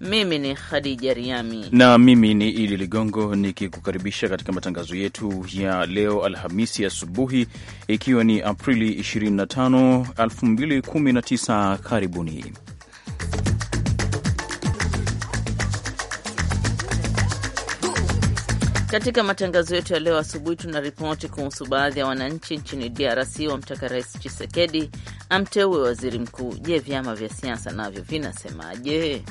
Mimi ni Khadija Riami na mimi ni Idi Ligongo nikikukaribisha katika matangazo yetu ya leo Alhamisi asubuhi, ikiwa ni Aprili 25, 2019. Karibuni katika matangazo yetu ya leo asubuhi. Tuna ripoti kuhusu baadhi ya wananchi nchini DRC wamtaka Rais Chisekedi amteue waziri mkuu. Je, vyama vya siasa navyo vinasemaje?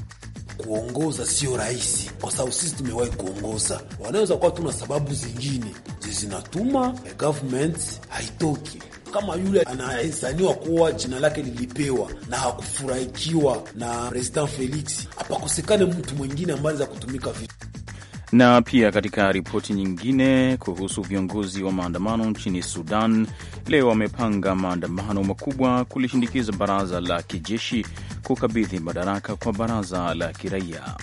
kuongoza sio rahisi, kwa sababu sisi tumewahi kuongoza. Wanaweza kuwa tuna sababu zingine zinatuma government haitoki kama yule anahesaniwa kuwa jina lake lilipewa na hakufurahikiwa na President Felix, apakosekane mtu mwingine ambaye za kutumika vitu. Na pia katika ripoti nyingine kuhusu viongozi wa maandamano nchini Sudan, leo wamepanga maandamano makubwa kulishindikiza baraza la kijeshi kukabidhi madaraka kwa baraza la kiraia.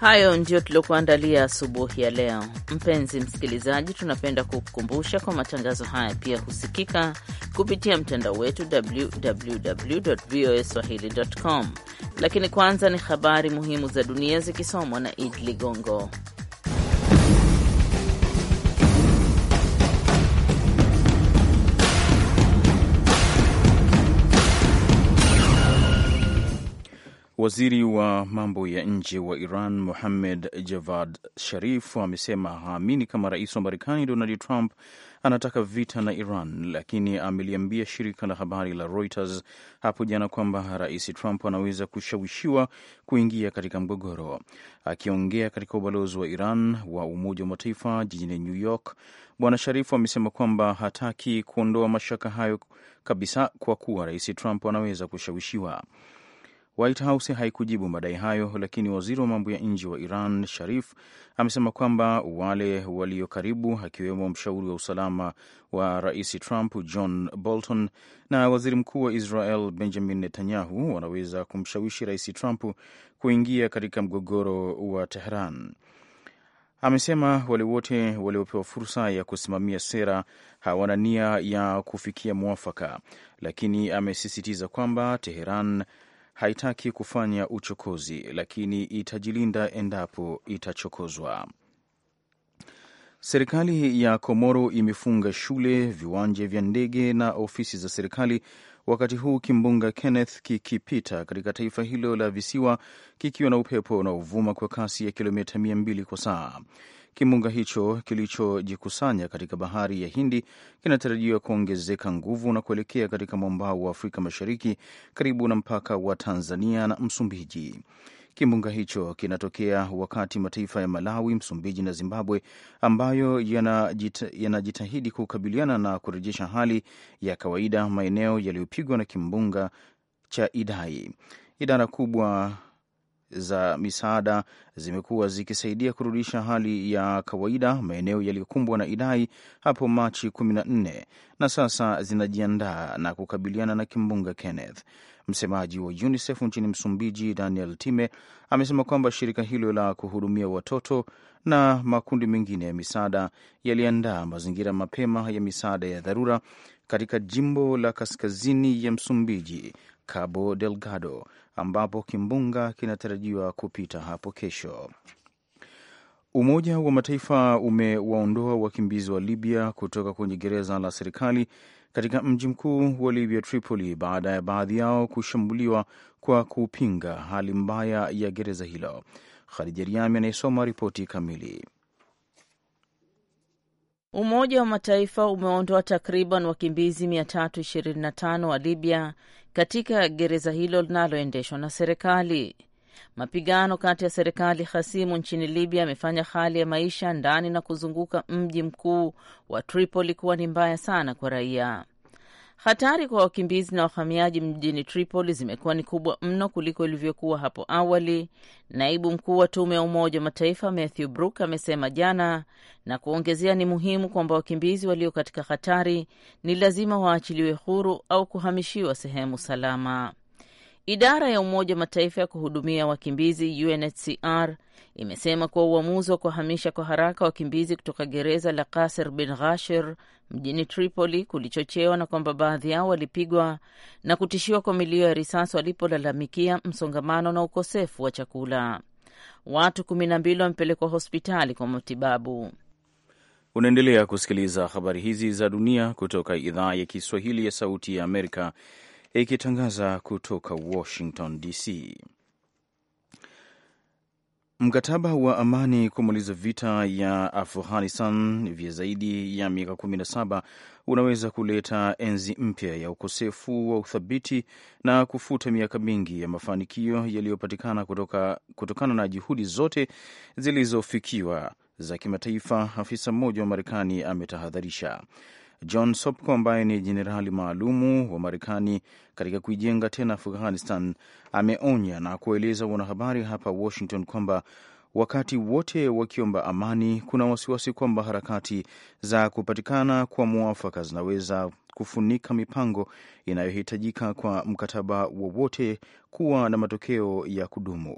Hayo ndio tuliokuandalia asubuhi ya leo. Mpenzi msikilizaji, tunapenda kukukumbusha kwa matangazo haya pia husikika kupitia mtandao wetu www voa swahili com, lakini kwanza ni habari muhimu za dunia zikisomwa na Idi Ligongo. Waziri wa mambo ya nje wa Iran Mohammed Javad Sharif amesema haamini kama rais wa Marekani Donald Trump anataka vita na Iran, lakini ameliambia shirika la habari la Reuters hapo jana kwamba rais Trump anaweza kushawishiwa kuingia katika mgogoro. Akiongea katika ubalozi wa Iran wa Umoja wa Mataifa jijini New York, Bwana Sharifu amesema kwamba hataki kuondoa mashaka hayo kabisa, kwa kuwa rais Trump anaweza kushawishiwa. White House haikujibu madai hayo, lakini waziri wa mambo ya nje wa Iran Sharif amesema kwamba wale walio karibu, akiwemo mshauri wa usalama wa rais Trump John Bolton na waziri mkuu wa Israel Benjamin Netanyahu, wanaweza kumshawishi rais Trump kuingia katika mgogoro wa Tehran. Amesema wale wote waliopewa fursa ya kusimamia sera hawana nia ya kufikia mwafaka, lakini amesisitiza kwamba Teheran haitaki kufanya uchokozi, lakini itajilinda endapo itachokozwa. Serikali ya Komoro imefunga shule, viwanja vya ndege na ofisi za serikali wakati huu kimbunga Kenneth kikipita katika taifa hilo la visiwa kikiwa na upepo unaovuma kwa kasi ya kilomita mia mbili kwa saa. Kimbunga hicho kilichojikusanya katika bahari ya Hindi kinatarajiwa kuongezeka nguvu na kuelekea katika mwambao wa Afrika Mashariki karibu na mpaka wa Tanzania na Msumbiji. Kimbunga hicho kinatokea wakati mataifa ya Malawi, Msumbiji na Zimbabwe ambayo yanajitahidi kukabiliana na kurejesha hali ya kawaida maeneo yaliyopigwa na kimbunga cha Idai. Idara kubwa za misaada zimekuwa zikisaidia kurudisha hali ya kawaida maeneo yaliyokumbwa na idai hapo Machi 14 na sasa zinajiandaa na kukabiliana na kimbunga Kenneth. Msemaji wa UNICEF nchini Msumbiji, Daniel Time, amesema kwamba shirika hilo la kuhudumia watoto na makundi mengine ya misaada yaliandaa mazingira mapema ya misaada ya dharura katika jimbo la kaskazini ya Msumbiji Cabo Delgado ambapo kimbunga kinatarajiwa kupita hapo kesho. Umoja wa Mataifa umewaondoa wakimbizi wa Libya kutoka kwenye gereza la serikali katika mji mkuu wa Libya, Tripoli, baada ya baadhi yao kushambuliwa kwa kupinga hali mbaya ya gereza hilo. Khadija Riami anayesoma ripoti kamili. Umoja wa Mataifa umeondoa takriban wakimbizi 325 wa Libya katika gereza hilo linaloendeshwa na serikali. Mapigano kati ya serikali hasimu nchini Libya yamefanya hali ya maisha ndani na kuzunguka mji mkuu wa Tripoli kuwa ni mbaya sana kwa raia. Hatari kwa wakimbizi na wahamiaji mjini Tripoli zimekuwa ni kubwa mno kuliko ilivyokuwa hapo awali, naibu mkuu wa tume ya Umoja wa Mataifa Matthew Brook amesema jana, na kuongezea ni muhimu kwamba wakimbizi walio katika hatari ni lazima waachiliwe huru au kuhamishiwa sehemu salama. Idara ya Umoja wa Mataifa ya kuhudumia wakimbizi UNHCR imesema kuwa uamuzi wa kuhamisha kwa haraka wakimbizi kutoka gereza la Kasr bin Ghasher mjini Tripoli kulichochewa na kwamba baadhi yao walipigwa na kutishiwa kwa milio ya risasi walipolalamikia msongamano na ukosefu wa chakula. Watu kumi na mbili wamepelekwa hospitali kwa matibabu. Unaendelea kusikiliza habari hizi za dunia kutoka idhaa ya Kiswahili ya Sauti ya Amerika ikitangaza kutoka Washington DC. Mkataba wa amani kumaliza vita ya Afghanistan vya zaidi ya miaka 17 unaweza kuleta enzi mpya ya ukosefu wa uthabiti na kufuta miaka mingi ya mafanikio yaliyopatikana kutoka, kutokana na juhudi zote zilizofikiwa za kimataifa, afisa mmoja wa Marekani ametahadharisha. John Sopko ambaye ni jenerali maalumu wa Marekani katika kuijenga tena Afghanistan ameonya na kueleza wanahabari hapa Washington kwamba wakati wote wakiomba amani, kuna wasiwasi kwamba harakati za kupatikana kwa mwafaka zinaweza kufunika mipango inayohitajika kwa mkataba wowote kuwa na matokeo ya kudumu.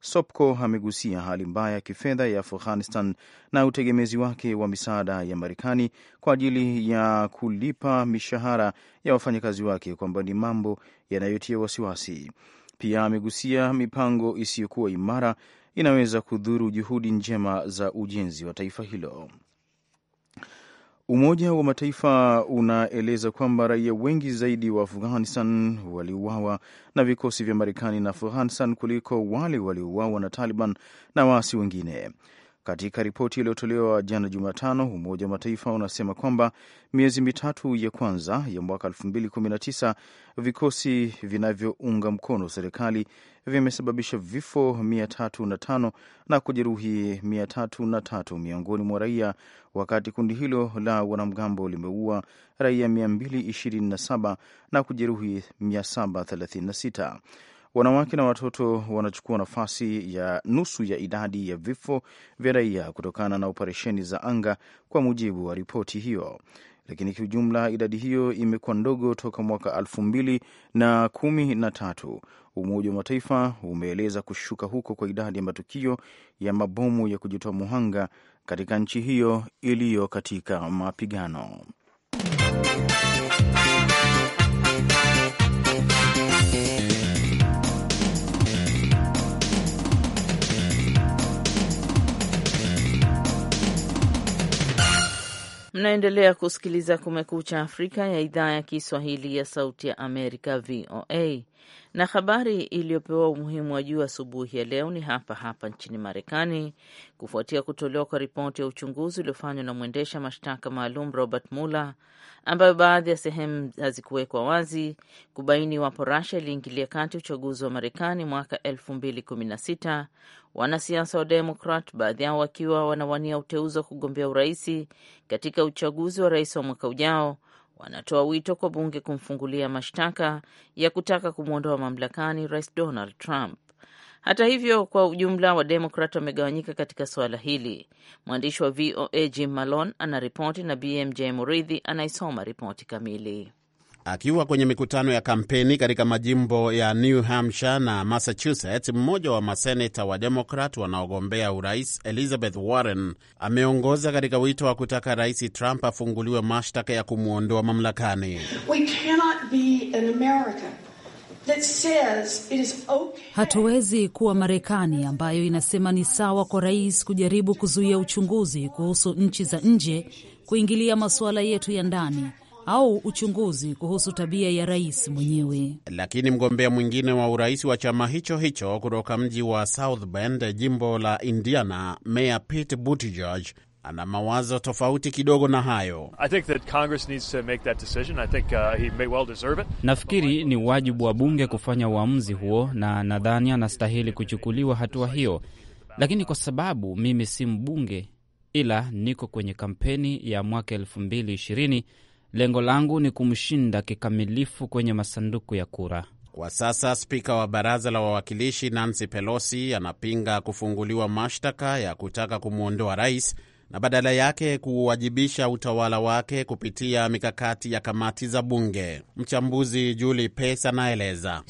Sopko amegusia hali mbaya ya kifedha ya Afghanistan na utegemezi wake wa misaada ya Marekani kwa ajili ya kulipa mishahara ya wafanyakazi wake kwamba ni mambo yanayotia wasiwasi. Pia amegusia mipango isiyokuwa imara inaweza kudhuru juhudi njema za ujenzi wa taifa hilo. Umoja wa Mataifa unaeleza kwamba raia wengi zaidi wa Afghanistan waliuawa na vikosi vya Marekani na Afghanistan kuliko wale waliouawa na Taliban na waasi wengine. Katika ripoti iliyotolewa jana Jumatano, Umoja wa Mataifa unasema kwamba miezi mitatu ya kwanza ya mwaka 2019 vikosi vinavyounga mkono serikali vimesababisha vifo 305 na kujeruhi 303 miongoni mwa raia, wakati kundi hilo la wanamgambo limeua raia 227 na kujeruhi 736. Wanawake na watoto wanachukua nafasi ya nusu ya idadi ya vifo vya raia kutokana na operesheni za anga, kwa mujibu wa ripoti hiyo lakini kiujumla idadi hiyo imekuwa ndogo toka mwaka elfu mbili na kumi na tatu. Umoja wa Mataifa umeeleza kushuka huko kwa idadi ya matukio ya mabomu ya kujitoa muhanga katika nchi hiyo iliyo katika mapigano. Mnaendelea kusikiliza Kumekucha Afrika ya idhaa ya Kiswahili ya Sauti ya Amerika, VOA. Na habari iliyopewa umuhimu wa juu asubuhi ya leo ni hapa hapa nchini Marekani, kufuatia kutolewa kwa ripoti ya uchunguzi uliofanywa na mwendesha mashtaka maalum Robert Mueller, ambayo baadhi ya sehemu hazikuwekwa wazi, kubaini iwapo Russia iliingilia kati uchaguzi wa Marekani mwaka elfu mbili kumi na sita. Wanasiasa wa Demokrat, baadhi yao wakiwa wanawania uteuzi wa kugombea uraisi katika uchaguzi wa rais wa mwaka ujao wanatoa wito kwa bunge kumfungulia mashtaka ya kutaka kumwondoa mamlakani Rais Donald Trump. Hata hivyo, kwa ujumla wa Demokrat wamegawanyika katika suala hili. Mwandishi wa VOA Jim Malone anaripoti na BMJ Muridhi anaisoma ripoti kamili. Akiwa kwenye mikutano ya kampeni katika majimbo ya New Hampshire na Massachusetts, mmoja wa maseneta wa Demokrat wanaogombea urais Elizabeth Warren ameongoza katika wito wa kutaka Rais Trump afunguliwe mashtaka ya kumwondoa mamlakani. Okay. Hatuwezi kuwa Marekani ambayo inasema ni sawa kwa rais kujaribu kuzuia uchunguzi kuhusu nchi za nje kuingilia masuala yetu ya ndani au uchunguzi kuhusu tabia ya rais mwenyewe. Lakini mgombea mwingine wa urais wa chama hicho hicho kutoka mji wa South Bend, jimbo la Indiana, Meya Pete Buttigieg ana mawazo tofauti kidogo na hayo. Uh, nafikiri ni wajibu wa bunge kufanya uamuzi huo, na nadhani anastahili kuchukuliwa hatua hiyo, lakini kwa sababu mimi si mbunge, ila niko kwenye kampeni ya mwaka elfu mbili ishirini Lengo langu ni kumshinda kikamilifu kwenye masanduku ya kura. Kwa sasa spika wa baraza la wawakilishi Nancy Pelosi anapinga kufunguliwa mashtaka ya kutaka kumwondoa rais na badala yake kuwajibisha utawala wake kupitia mikakati ya kamati za bunge. Mchambuzi Julie Pace anaeleza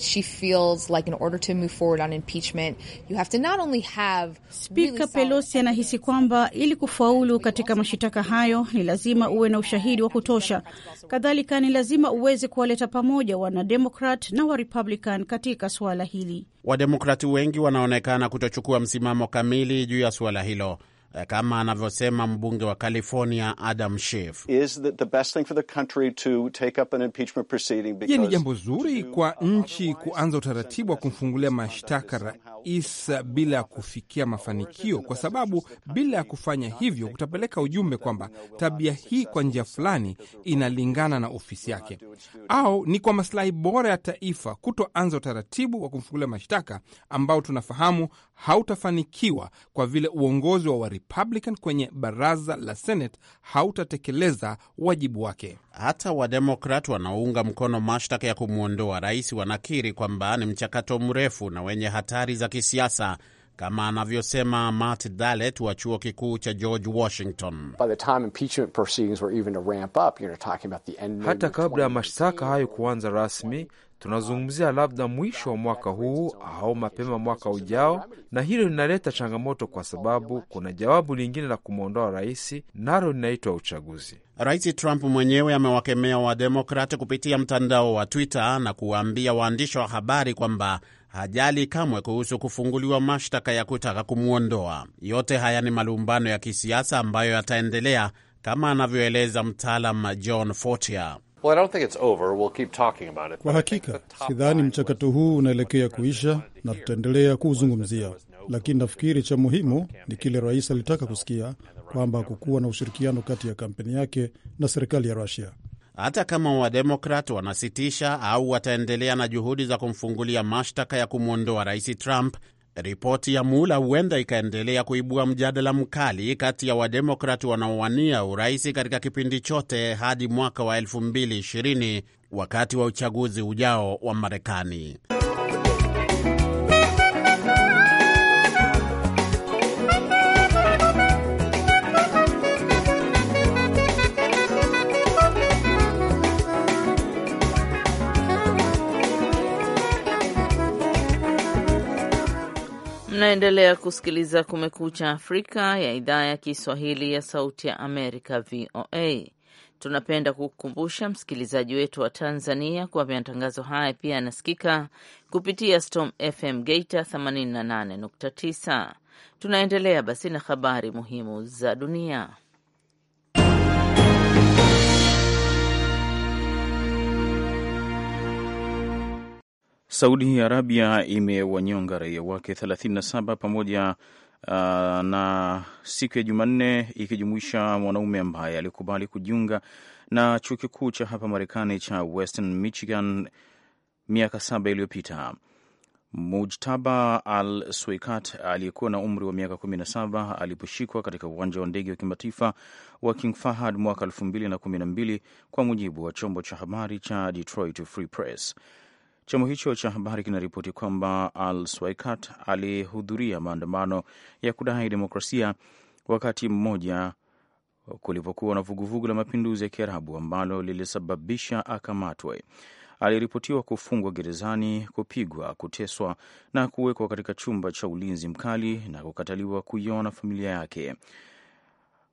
Spika Pelosi anahisi kwamba ili kufaulu katika mashitaka hayo ni lazima uwe na ushahidi wa kutosha. Kadhalika, ni lazima uweze kuwaleta pamoja wanademokrat na warepublican katika suala hili. Wademokrati wengi wanaonekana kutochukua msimamo kamili juu ya suala hilo. Eh, kama anavyosema mbunge wa California Adam Schiff. Je, ni jambo zuri kwa nchi kuanza utaratibu wa kumfungulia mashtaka rais bila ya kufikia mafanikio, kwa sababu bila ya kufanya hivyo kutapeleka ujumbe kwamba tabia hii kwa njia fulani inalingana na ofisi yake, au ni kwa masilahi bora ya taifa kutoanza utaratibu wa kumfungulia mashtaka ambao tunafahamu hautafanikiwa kwa vile uongozi wa Warepublican kwenye baraza la Senate hautatekeleza wajibu wake. Hata Wademokrat wanaounga mkono mashtaka ya kumwondoa rais wanakiri kwamba ni mchakato mrefu na wenye hatari za kisiasa kama anavyosema Matt Dalet wa chuo kikuu cha George Washington. Hata kabla ya mashtaka hayo kuanza rasmi, tunazungumzia labda mwisho wa mwaka huu au mapema mwaka ujao, na hilo linaleta changamoto kwa sababu kuna jawabu lingine la kumwondoa rais, nalo linaitwa uchaguzi. Rais Trump mwenyewe amewakemea Wademokrati kupitia mtandao wa Twitter na kuwaambia waandishi wa habari kwamba hajali kamwe kuhusu kufunguliwa mashtaka ya kutaka kumwondoa. Yote haya ni malumbano ya kisiasa ambayo yataendelea kama anavyoeleza mtaalam John Fortier. Well, we'll kwa hakika sidhani mchakato huu unaelekea kuisha na tutaendelea kuuzungumzia, lakini nafikiri cha muhimu ni kile rais alitaka kusikia kwamba kukuwa na ushirikiano kati ya kampeni yake na serikali ya Rusia hata kama Wademokrat wanasitisha au wataendelea na juhudi za kumfungulia mashtaka ya kumwondoa rais Trump, ripoti ya Muula huenda ikaendelea kuibua mjadala mkali kati ya Wademokrat wanaowania urais katika kipindi chote hadi mwaka wa 2020 wakati wa uchaguzi ujao wa Marekani. Mnaendelea kusikiliza Kumekucha Afrika ya idhaa ya Kiswahili ya Sauti ya Amerika, VOA. Tunapenda kukukumbusha msikilizaji wetu wa Tanzania kuwa matangazo haya pia yanasikika kupitia Storm FM Geita 88.9. Tunaendelea basi na habari muhimu za dunia. Saudi Arabia imewanyonga raia wake 37 pamoja uh, na siku ya Jumanne ikijumuisha mwanaume ambaye alikubali kujiunga na chuo kikuu cha hapa Marekani cha Western Michigan miaka saba iliyopita. Mujtaba Al swikat aliyekuwa na umri wa miaka 17 aliposhikwa katika uwanja wa ndege wa kimataifa wa King Fahad mwaka 2012 kwa mujibu wa chombo cha habari cha Detroit Free Press. Chama hicho cha habari kinaripoti kwamba Al Swaikat alihudhuria maandamano ya kudai demokrasia wakati mmoja kulipokuwa na vuguvugu la mapinduzi ya Kiarabu ambalo lilisababisha akamatwe. Aliripotiwa kufungwa gerezani, kupigwa, kuteswa na kuwekwa katika chumba cha ulinzi mkali na kukataliwa kuiona familia yake.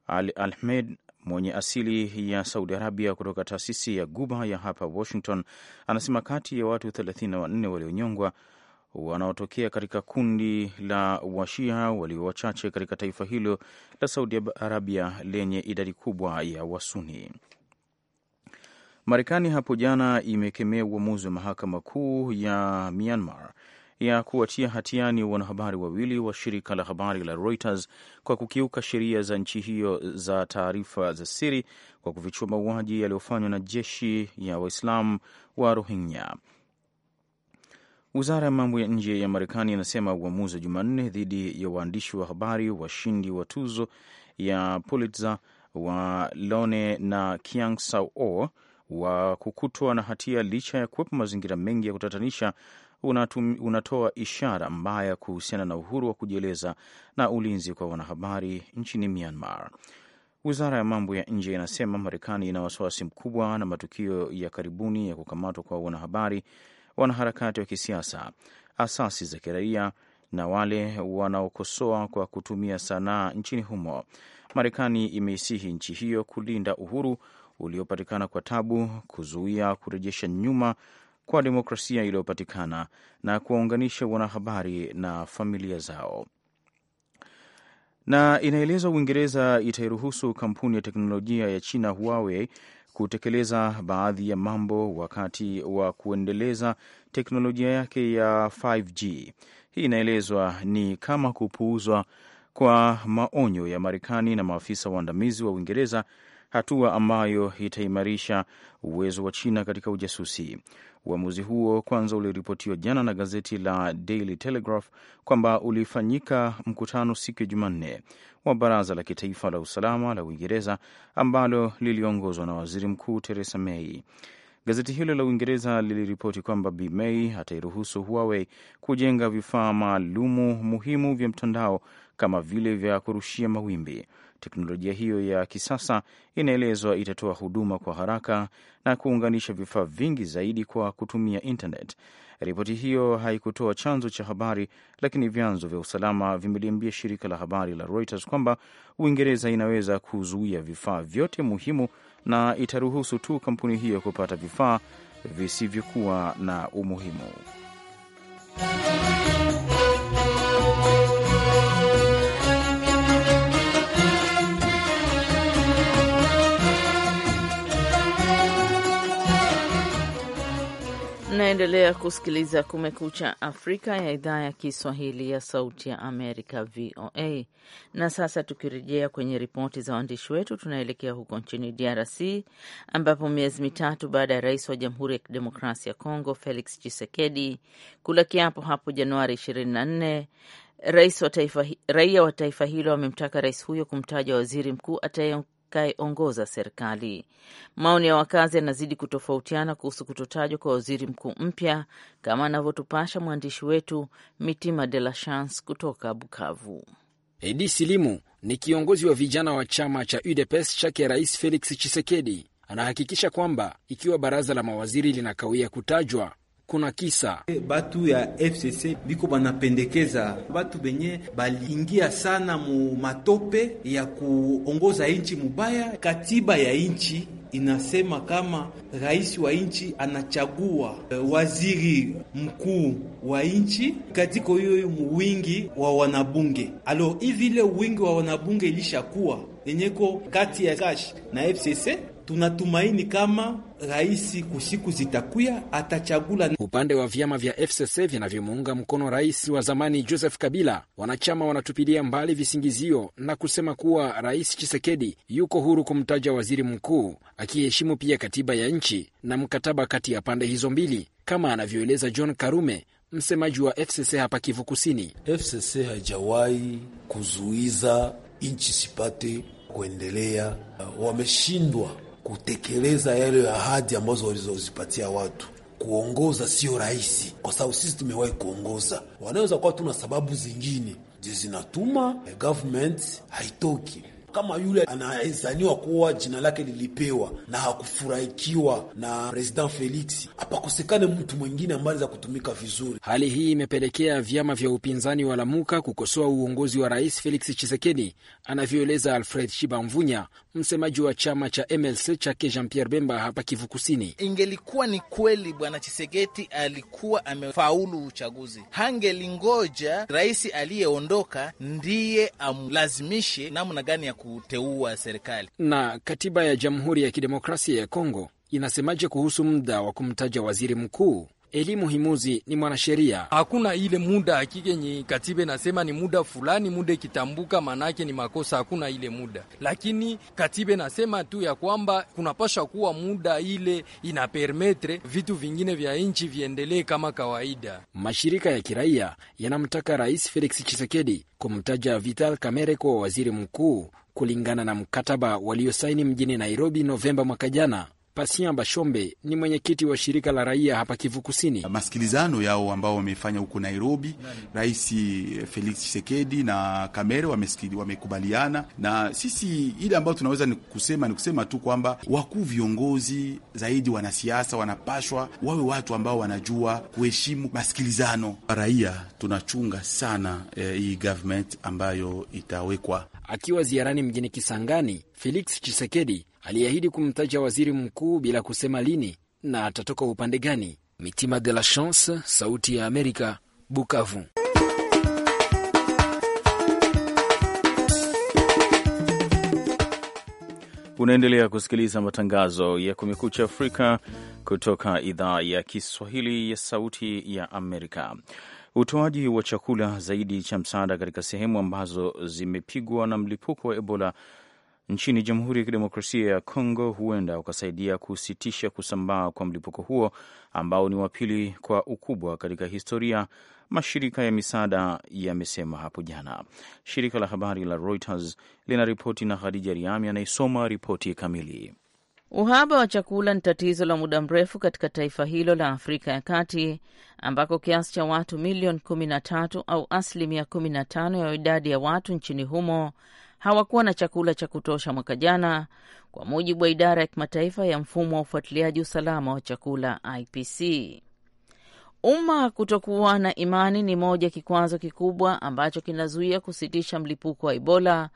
Al Ahmed mwenye asili ya Saudi Arabia kutoka taasisi ya Guba ya hapa Washington anasema kati ya watu 34 walionyongwa wanaotokea katika kundi la Washia walio wachache katika taifa hilo la Saudi Arabia lenye idadi kubwa ya Wasuni. Marekani hapo jana imekemea uamuzi wa mahakama kuu ya Myanmar ya kuwatia hatiani wanahabari wawili wa shirika la habari la Reuters kwa kukiuka sheria za nchi hiyo za taarifa za siri kwa kufichua mauaji yaliyofanywa na jeshi ya Waislamu wa Rohingya. Wizara ya mambo ya nje ya Marekani inasema uamuzi wa Jumanne dhidi ya waandishi wa habari washindi wa tuzo ya Pulitzer wa Lone na Kiang Sao wa kukutwa na hatia licha ya kuwepo mazingira mengi ya kutatanisha unatum, unatoa ishara mbaya kuhusiana na uhuru wa kujieleza na ulinzi kwa wanahabari nchini Myanmar. Wizara ya mambo ya nje inasema Marekani ina wasiwasi mkubwa na matukio ya karibuni ya kukamatwa kwa wanahabari, wanaharakati wa kisiasa, asasi za kiraia na wale wanaokosoa kwa kutumia sanaa nchini humo. Marekani imeisihi nchi hiyo kulinda uhuru uliopatikana kwa tabu, kuzuia kurejesha nyuma kwa demokrasia iliyopatikana na kuwaunganisha wanahabari na familia zao. Na inaelezwa Uingereza itairuhusu kampuni ya teknolojia ya China Huawei kutekeleza baadhi ya mambo wakati wa kuendeleza teknolojia yake ya 5G. Hii inaelezwa ni kama kupuuzwa kwa maonyo ya Marekani na maafisa waandamizi wa Uingereza, hatua ambayo itaimarisha uwezo wa China katika ujasusi. Uamuzi huo kwanza uliripotiwa jana na gazeti la Daily Telegraph kwamba ulifanyika mkutano siku ya Jumanne wa baraza la kitaifa la usalama la Uingereza ambalo liliongozwa na waziri mkuu Theresa May. Gazeti hilo la Uingereza liliripoti kwamba Bi May atairuhusu Huawei kujenga vifaa maalumu muhimu vya mtandao kama vile vya kurushia mawimbi. Teknolojia hiyo ya kisasa inaelezwa itatoa huduma kwa haraka na kuunganisha vifaa vingi zaidi kwa kutumia internet. Ripoti hiyo haikutoa chanzo cha habari, lakini vyanzo vya usalama vimeliambia shirika la habari la Reuters kwamba Uingereza inaweza kuzuia vifaa vyote muhimu na itaruhusu tu kampuni hiyo kupata vifaa visivyokuwa na umuhimu. Mnaendelea kusikiliza Kumekucha Afrika ya idhaa ya Kiswahili ya Sauti ya Amerika, VOA. Na sasa tukirejea kwenye ripoti za waandishi wetu, tunaelekea huko nchini DRC ambapo miezi mitatu baada ya rais wa Jamhuri ya Kidemokrasia ya Kongo Felix Tshisekedi kula kiapo hapo Januari 24 Rais wa taifa, raia wa taifa hilo wamemtaka rais huyo kumtaja waziri mkuu atakayeongoza serikali. Maoni ya wakazi yanazidi kutofautiana kuhusu kutotajwa kwa waziri mkuu mpya, kama anavyotupasha mwandishi wetu Mitima De La Chance kutoka Bukavu. Edi Silimu ni kiongozi wa vijana wa chama cha UDPS chake Rais Felix Chisekedi. Anahakikisha kwamba ikiwa baraza la mawaziri linakawia kutajwa, kuna kisa batu ya FCC biko banapendekeza batu benye baliingia sana mu matope ya kuongoza nchi mubaya. Katiba ya nchi inasema kama rais wa nchi anachagua eh, waziri mkuu wa nchi katika hiyo wingi wa wanabunge. Alo, hivile ile wingi wa wanabunge ilishakuwa yenyeko kati ya kash na FCC tunatumaini kama rais kusiku zitakuya atachagula. Upande wa vyama vya FCC vinavyomuunga mkono rais wa zamani Joseph Kabila, wanachama wanatupilia mbali visingizio na kusema kuwa rais Chisekedi yuko huru kumtaja waziri mkuu akiheshimu pia katiba ya nchi na mkataba kati ya pande hizo mbili, kama anavyoeleza John Karume, msemaji wa FCC hapa Kivu Kusini. FCC haijawahi kuzuiza nchi sipate kuendelea, wameshindwa kutekeleza yale ahadi ambazo walizozipatia watu. Kuongoza sio rahisi, kwa sababu sisi tumewahi kuongoza. Wanaweza kuwa tuna sababu zingine zinatuma eh, government haitoki kama yule anaezaniwa kuwa jina lake lilipewa na hakufurahikiwa na President Felix, apakosekane mtu mwingine ambaye anaweza kutumika vizuri. Hali hii imepelekea vyama vya upinzani wa Lamuka kukosoa uongozi wa Rais Felix chisekedi anavyoeleza Alfred Shibamvunya, Msemaji wa chama cha MLC chake Jean Pierre Bemba hapa Kivu Kusini, ingelikuwa ni kweli bwana chisegeti alikuwa amefaulu uchaguzi, hangelingoja rais aliyeondoka ndiye amlazimishe namna gani ya kuteua serikali. Na katiba ya Jamhuri ya Kidemokrasia ya Kongo inasemaje kuhusu muda wa kumtaja waziri mkuu? Elimu Himuzi ni mwanasheria. Hakuna ile muda hakika yenye katiba inasema ni muda fulani, muda ikitambuka manake ni makosa. Hakuna ile muda, lakini katiba inasema tu ya kwamba kunapasha kuwa muda ile inapermetre vitu vingine vya nchi viendelee kama kawaida. Mashirika ya kiraia yanamtaka Rais Felix chisekedi kumtaja Vital Kamerhe kuwa waziri mkuu kulingana na mkataba waliosaini mjini Nairobi Novemba mwaka jana. Pasia Bashombe ni mwenyekiti wa shirika la raia hapa Kivu Kusini. Masikilizano yao ambao wamefanya huko Nairobi, Rais Felix Tshisekedi na Kamere wamekubaliana na sisi. Ile ambayo tunaweza ni kusema ni kusema tu kwamba wakuu viongozi zaidi, wanasiasa wanapashwa wawe watu ambao wanajua kuheshimu masikilizano. Raia tunachunga sana eh, hii government ambayo itawekwa. Akiwa ziarani mjini Kisangani, Felix chisekedi aliahidi kumtaja waziri mkuu bila kusema lini na atatoka upande gani. Mitima de la Chance, Sauti ya Amerika, Bukavu. Unaendelea kusikiliza matangazo ya Kumekucha Afrika kutoka idhaa ya Kiswahili ya Sauti ya Amerika. Utoaji wa chakula zaidi cha msaada katika sehemu ambazo zimepigwa na mlipuko wa Ebola nchini Jamhuri ya Kidemokrasia ya Kongo huenda ukasaidia kusitisha kusambaa kwa mlipuko huo ambao ni wa pili kwa ukubwa katika historia, mashirika ya misaada yamesema hapo jana. Shirika la habari la Reuters ripoti na Khadija Riami anayesoma ripoti kamili. Uhaba wa chakula ni tatizo la muda mrefu katika taifa hilo la Afrika ya Kati ambako kiasi cha watu milioni 13 au asilimia 15 ya idadi ya watu nchini humo hawakuwa na chakula cha kutosha mwaka jana, kwa mujibu wa idara ya kimataifa ya mfumo wa ufuatiliaji usalama wa chakula IPC. Umma kutokuwa na imani ni moja kikwazo kikubwa ambacho kinazuia kusitisha mlipuko wa Ebola.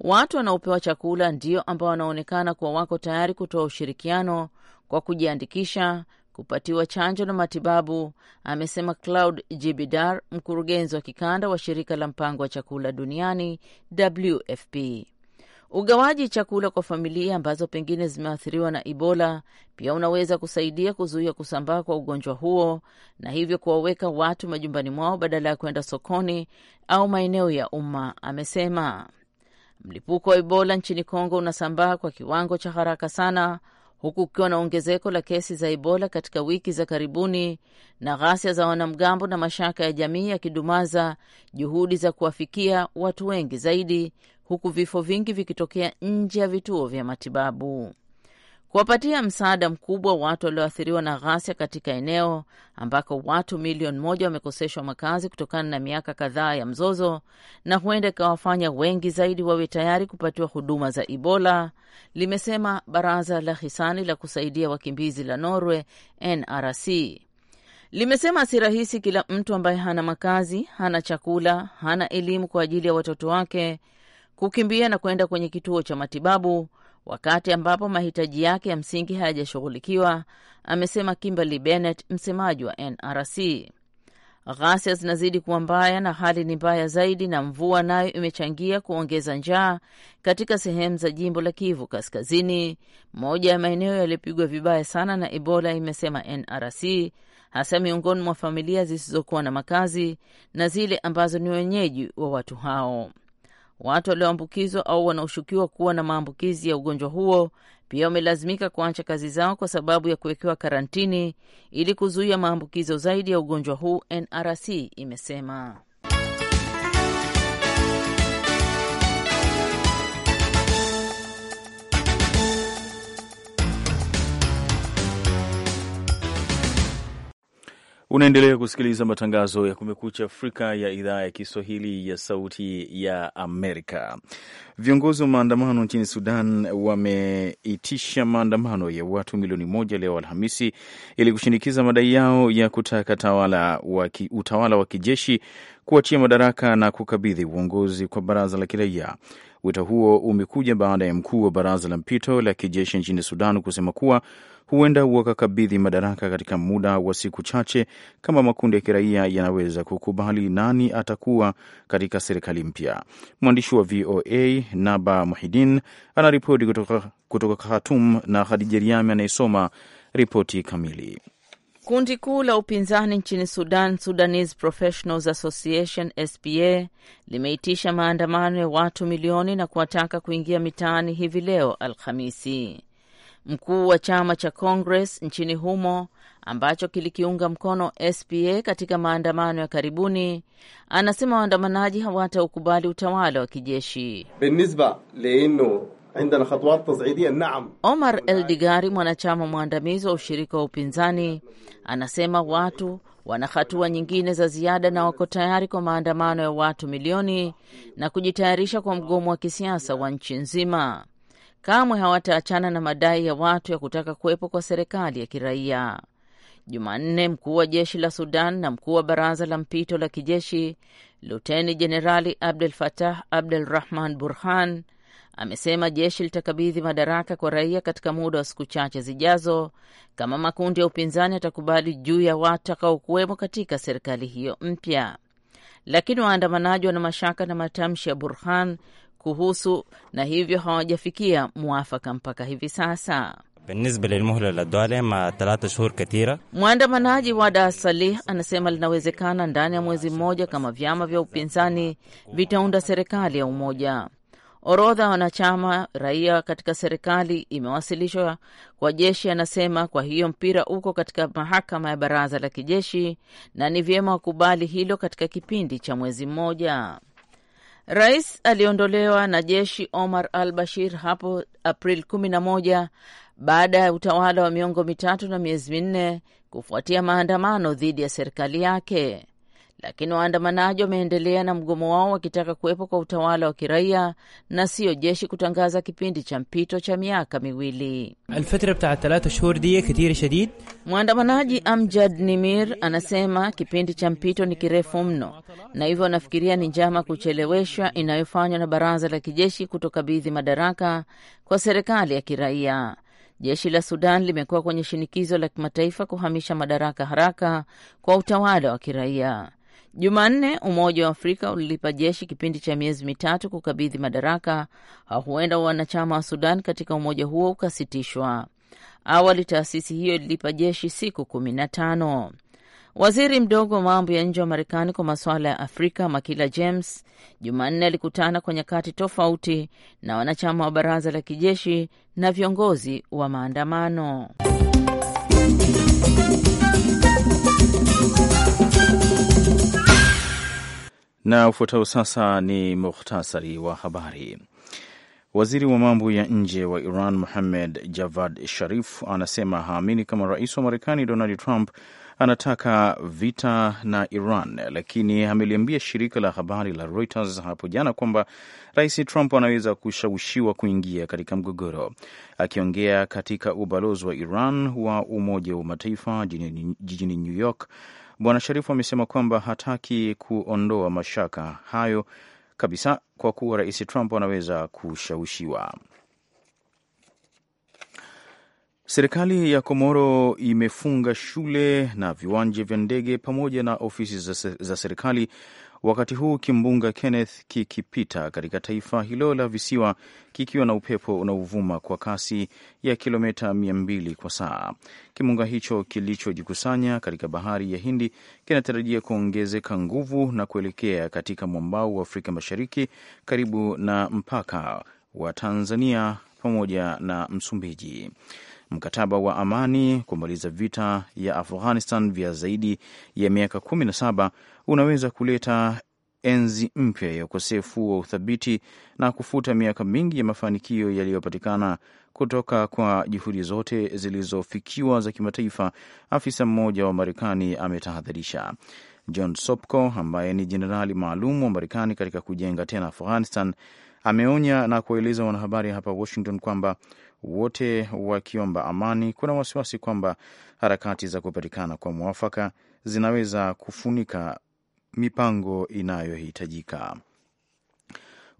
Watu wanaopewa chakula ndio ambao wanaonekana kuwa wako tayari kutoa ushirikiano kwa kujiandikisha, kupatiwa chanjo na matibabu, amesema Claud Jibidar, mkurugenzi wa kikanda wa shirika la mpango wa chakula duniani WFP. Ugawaji chakula kwa familia ambazo pengine zimeathiriwa na Ebola pia unaweza kusaidia kuzuia kusambaa kwa ugonjwa huo na hivyo kuwaweka watu majumbani mwao badala ya kwenda sokoni au maeneo ya umma, amesema. Mlipuko wa Ebola nchini Kongo unasambaa kwa kiwango cha haraka sana huku kukiwa na ongezeko la kesi za Ebola katika wiki za karibuni na ghasia za wanamgambo na mashaka ya jamii yakidumaza juhudi za kuwafikia watu wengi zaidi, huku vifo vingi vikitokea nje ya vituo vya matibabu kuwapatia msaada mkubwa watu walioathiriwa na ghasia katika eneo ambako watu milioni moja wamekoseshwa makazi kutokana na miaka kadhaa ya mzozo na huenda ikawafanya wengi zaidi wawe tayari kupatiwa huduma za Ebola, limesema baraza la hisani la kusaidia wakimbizi la Norwe, NRC. Limesema si rahisi kila mtu ambaye hana makazi, hana chakula, hana elimu kwa ajili ya watoto wake kukimbia na kwenda kwenye kituo cha matibabu wakati ambapo mahitaji yake ya msingi hayajashughulikiwa, amesema Kimberly Bennett, msemaji wa NRC. Ghasia zinazidi kuwa mbaya na hali ni mbaya zaidi, na mvua nayo imechangia kuongeza njaa katika sehemu za jimbo la Kivu Kaskazini, moja ya maeneo yaliyopigwa vibaya sana na Ebola, imesema NRC, hasa miongoni mwa familia zisizokuwa na makazi na zile ambazo ni wenyeji wa watu hao. Watu walioambukizwa au wanaoshukiwa kuwa na maambukizi ya ugonjwa huo pia wamelazimika kuacha kazi zao kwa sababu ya kuwekewa karantini ili kuzuia maambukizo zaidi ya ugonjwa huu, NRC imesema. Unaendelea kusikiliza matangazo ya Kumekucha Afrika ya idhaa ya Kiswahili ya Sauti ya Amerika. Viongozi wa maandamano nchini Sudan wameitisha maandamano ya watu milioni moja leo Alhamisi ili kushinikiza madai yao ya kutaka tawala waki, utawala wa kijeshi kuachia madaraka na kukabidhi uongozi kwa baraza la kiraia. Wito huo umekuja baada ya mkuu wa baraza la mpito la kijeshi nchini Sudan kusema kuwa huenda wakakabidhi madaraka katika muda wa siku chache, kama makundi ya kiraia yanaweza kukubali nani atakuwa katika serikali mpya. Mwandishi wa VOA Naba Muhidin anaripoti kutoka, kutoka Khartoum na Khadija Riami anayesoma ripoti kamili. Kundi kuu la upinzani nchini Sudan, Sudanese Professionals Association SPA, limeitisha maandamano ya watu milioni na kuwataka kuingia mitaani hivi leo Alhamisi. Mkuu wa chama cha Congress nchini humo ambacho kilikiunga mkono SPA katika maandamano ya karibuni anasema waandamanaji hawata ukubali utawala wa kijeshi. Omar El Digari, mwanachama mwandamizi wa ushirika wa upinzani, anasema watu wana hatua nyingine za ziada na wako tayari kwa maandamano ya watu milioni na kujitayarisha kwa mgomo wa kisiasa wa nchi nzima kamwe hawataachana na madai ya watu ya kutaka kuwepo kwa serikali ya kiraia. Jumanne, mkuu wa jeshi la Sudan na mkuu wa baraza la mpito la kijeshi Luteni Jenerali Abdel Fattah Abdel Rahman Burhan amesema jeshi litakabidhi madaraka kwa raia katika muda wa siku chache zijazo kama makundi ya upinzani yatakubali juu ya watakaokuwemo katika serikali hiyo mpya. Lakini waandamanaji wana mashaka na matamshi ya Burhan kuhusu na hivyo hawajafikia mwafaka mpaka hivi sasa. Mwandamanaji wa Dar Salih anasema linawezekana ndani ya mwezi mmoja kama vyama vya upinzani vitaunda serikali ya umoja. Orodha ya wanachama raia katika serikali imewasilishwa kwa jeshi, anasema. Kwa hiyo mpira uko katika mahakama ya baraza la kijeshi, na ni vyema wakubali hilo katika kipindi cha mwezi mmoja. Rais aliondolewa na jeshi Omar al Bashir hapo April 11 baada ya utawala wa miongo mitatu na miezi minne kufuatia maandamano dhidi ya serikali yake lakini waandamanaji wameendelea na mgomo wao wakitaka kuwepo kwa utawala wa kiraia na siyo jeshi kutangaza kipindi cha mpito cha miaka miwili. Mwandamanaji Amjad Nimir anasema kipindi cha mpito ni kirefu mno, na hivyo anafikiria ni njama kucheleweshwa inayofanywa na baraza la kijeshi kutokabidhi madaraka kwa serikali ya kiraia. Jeshi la Sudan limekuwa kwenye shinikizo la kimataifa kuhamisha madaraka haraka kwa utawala wa kiraia. Jumanne Umoja wa Afrika ulilipa jeshi kipindi cha miezi mitatu kukabidhi madaraka huenda wanachama wa Sudan katika umoja huo ukasitishwa. Awali taasisi hiyo ililipa jeshi siku kumi na tano. Waziri mdogo wa mambo ya nje wa Marekani kwa masuala ya Afrika Makila James Jumanne alikutana kwa nyakati tofauti na wanachama wa baraza la kijeshi na viongozi wa maandamano Na ufuatao sasa ni muhtasari wa habari. Waziri wa mambo ya nje wa Iran Mohammed Javad Sharif anasema haamini kama rais wa Marekani Donald Trump anataka vita na Iran, lakini ameliambia shirika la habari la Reuters hapo jana kwamba rais Trump anaweza kushawishiwa kuingia katika mgogoro. Akiongea katika ubalozi wa Iran wa Umoja wa Mataifa jijini New York, Bwana Sharifu amesema kwamba hataki kuondoa mashaka hayo kabisa kwa kuwa Rais Trump anaweza kushawishiwa. Serikali ya Komoro imefunga shule na viwanja vya ndege pamoja na ofisi za serikali wakati huu kimbunga Kenneth kikipita katika taifa hilo la visiwa kikiwa na upepo unaovuma kwa kasi ya kilomita 2 kwa saa. Kimbunga hicho kilichojikusanya katika bahari ya Hindi kinatarajia kuongezeka nguvu na kuelekea katika mwambao wa Afrika Mashariki karibu na mpaka wa Tanzania pamoja na Msumbiji mkataba wa amani kumaliza vita ya Afghanistan vya zaidi ya miaka kumi na saba unaweza kuleta enzi mpya ya ukosefu wa uthabiti na kufuta miaka mingi ya mafanikio yaliyopatikana kutoka kwa juhudi zote zilizofikiwa za kimataifa, afisa mmoja wa Marekani ametahadharisha. John Sopko ambaye ni jenerali maalum wa Marekani katika kujenga tena Afghanistan ameonya na kuwaeleza wanahabari hapa Washington kwamba wote wakiomba amani, kuna wasiwasi kwamba harakati za kupatikana kwa mwafaka zinaweza kufunika mipango inayohitajika.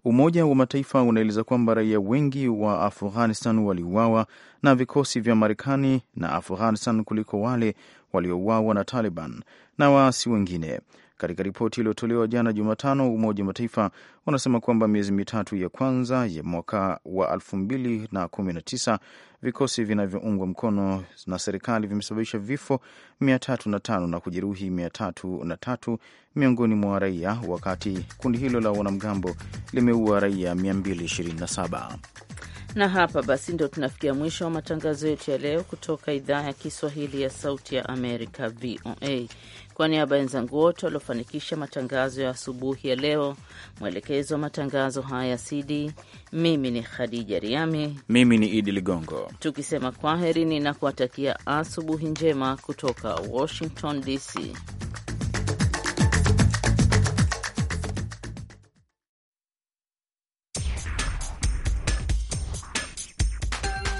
Umoja wa Mataifa unaeleza kwamba raia wengi wa Afghanistan waliuawa na vikosi vya Marekani na Afghanistan kuliko wale waliouawa na Taliban na waasi wengine. Katika ripoti iliyotolewa jana Jumatano, Umoja wa Mataifa unasema kwamba miezi mitatu ya kwanza ya mwaka wa 2019 vikosi vinavyoungwa mkono na serikali vimesababisha vifo 305 na kujeruhi 303 miongoni mwa raia, wakati kundi hilo la wanamgambo limeua raia 227. Na hapa basi ndo tunafikia mwisho wa matangazo yetu ya leo kutoka idhaa ya Kiswahili ya Sauti ya Amerika, VOA. Kwa niaba ya wenzangu wote waliofanikisha matangazo ya asubuhi ya leo, mwelekezo wa matangazo haya CD, mimi ni Khadija Riami, mimi ni Idi Ligongo, tukisema kwaherini na kuwatakia asubuhi njema kutoka Washington DC.